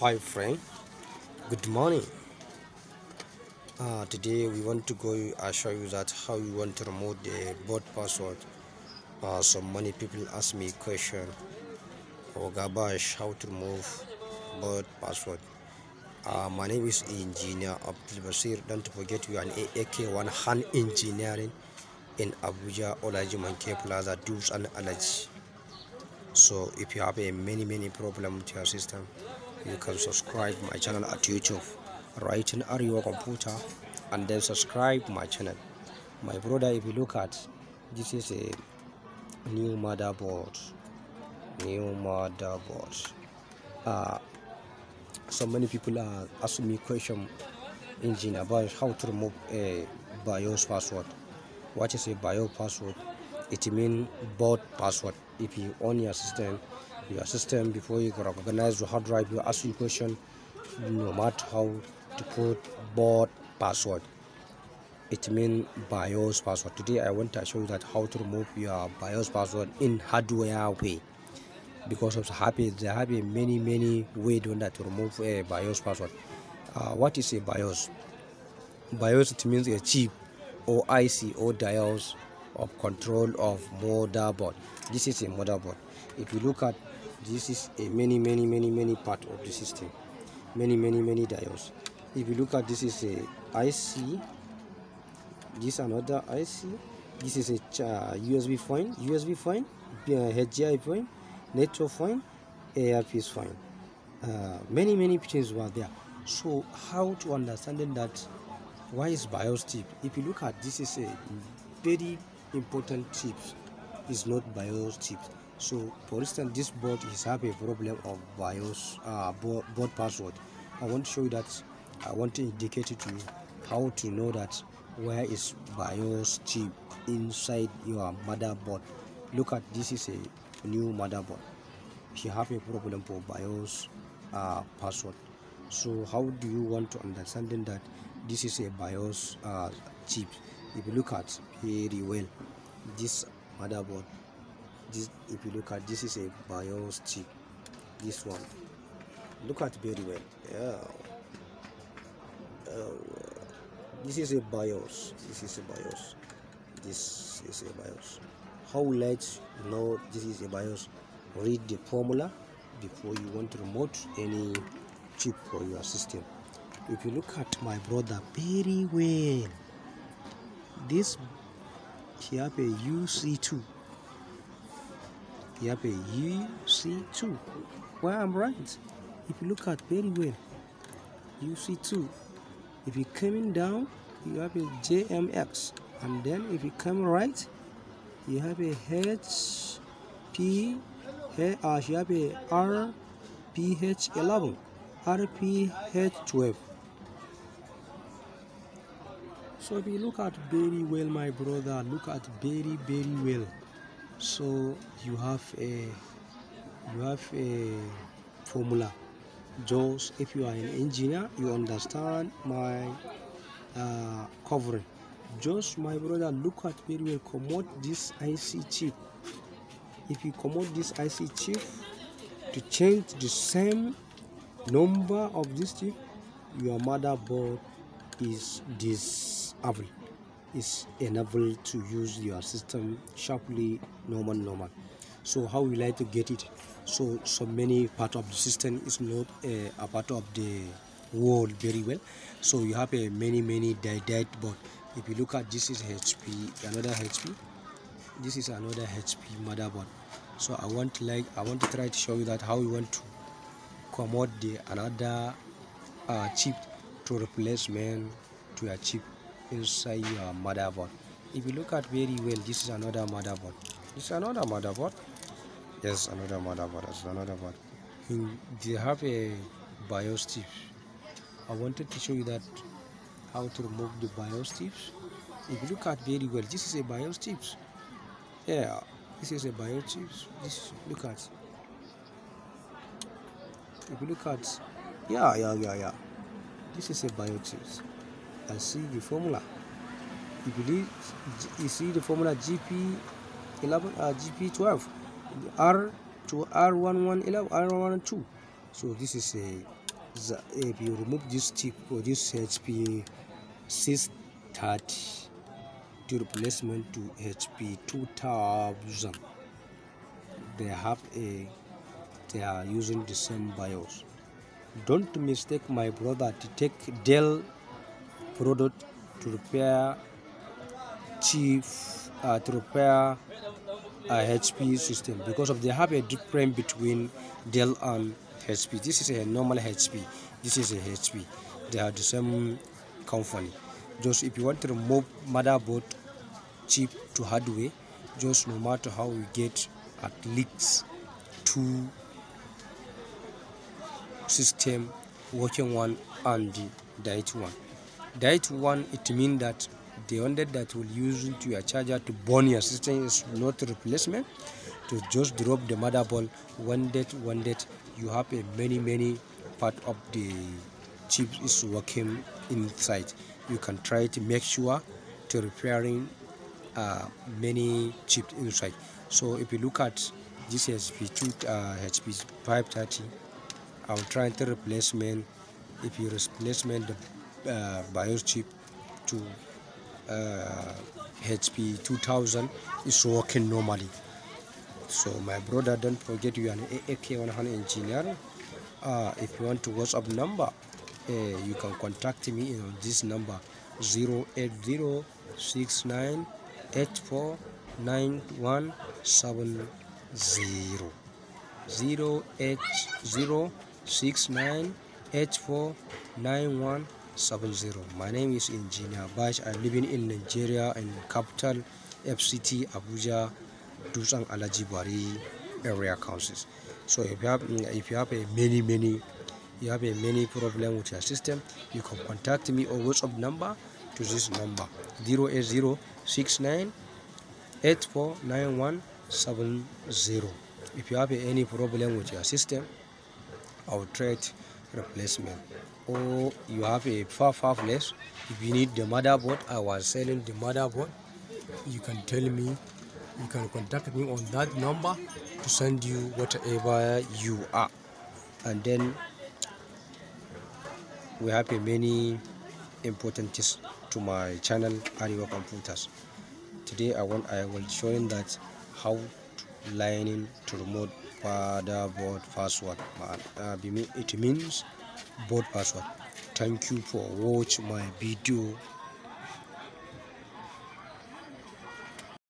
hi friend good morning uh, today we want to go I uh, show you that how you want to remove the board password uh, so many people ask me question or oh, garbage how to remove board password uh, my name is engineer Abdul Basir don't forget we are an AK one hand engineering in Abuja Olaji Manke Plaza Dubs and Allergy so if you have a many many problem with your system you can subscribe my channel at youtube right in your computer and then subscribe my channel my brother if you look at this is a new motherboard new motherboard uh, so many people are asking me question engine about how to remove a BIOS password what is a BIOS password it means board password if you own your system your system before you can organize your hard drive You ask you question no matter how to put board password it means bios password today i want to show you that how to remove your bios password in hardware way because of happy there have been many many way doing that to remove a bios password uh, what is a bios bios it means a chip or ic or dials of control of motherboard this is a motherboard if you look at this is a many many many many part of the system many many many diodes if you look at this is a IC this another IC this is a uh, USB fine USB fine HDI uh, fine network fine is fine uh, many many pictures were there so how to understand that why is BIOS chip? if you look at this is a very important chip. is not BIOS chip so for instance this board is have a problem of bios uh, board, password i want to show you that i want to indicate to you how to know that where is bios chip inside your motherboard look at this is a new motherboard you have a problem for bios uh, password so how do you want to understanding that this is a bios uh, chip if you look at very well this motherboard this if you look at this is a bios chip this one look at very well yeah oh, this is a bios this is a bios this is a bios how let you know this is a bios read the formula before you want to remote any chip for your system if you look at my brother very well this here a uc2 you have a U 2 well I'm right if you look at very well UC2 if you coming down you have a JMX and then if you come right you have a H P here uh, you have a R P H 11 R P H 12 so if you look at very well my brother look at very very well so you have a you have a formula just if you are an engineer you understand my uh, covering just my brother look at we will commode this IC chip if you commode this IC chip to change the same number of this chip your motherboard is this average is enabled to use your system sharply normal normal so how we like to get it so so many part of the system is not a, a part of the world very well so you have a many many dead board if you look at this is hp another hp this is another hp motherboard so i want like i want to try to show you that how we want to come out the another uh, chip to replacement to a chip inside your uh, motherboard if you look at very well this is another motherboard this is another motherboard yes another motherboard that's another board In, they have a bios chip i wanted to show you that how to remove the bios chips if you look at very well this is a bios chip. yeah this is a bios chip. this look at if you look at yeah yeah yeah yeah this is a bios chip see the formula you believe you see the formula gp 11 uh, gp 12 r to r1111 r112 so this is a, uh, a uh, if you remove this tip or this hp uh, 630 to replacement to hp 2000 they have a they are using the same BIOS. Don't mistake my brother to take Dell product to repair chip uh, to repair HP uh, system because of they have a difference between Dell and HP. This is a normal HP. This is a HP. They are the same company. Just if you want to remove motherboard chip to hardware, just no matter how you get at least two system working one and the direct one that one it means that the only that will use to your charger to burn your system is not replacement to just drop the motherboard one that one that you have a many many part of the chip is working inside you can try to make sure to repairing uh, many chips inside so if you look at this HP2 uh, HP 530 i will try to replacement if you replacement the uh, biochip to HP uh, 2000 is working normally. So my brother, don't forget you are an AK 100 engineer. Uh, if you want to WhatsApp number, uh, you can contact me on this number 08069849170. 08069849170. 70. My name is Engineer Bash. I'm living in Nigeria in capital FCT Abuja, Dutsan Alajibari area councils. So if you have if you have a many many you have a many problem with your system, you can contact me or WhatsApp number to this number 08069 849170. If you have any problem with your system, I will treat replacement or oh, you have a far far place if you need the motherboard i was selling the motherboard you can tell me you can contact me on that number to send you whatever you are and then we have a many important things to my channel Ariwa computers today i want i will showing that how to lining to remote motherboard password work. Uh, it means board person thank you for watching my video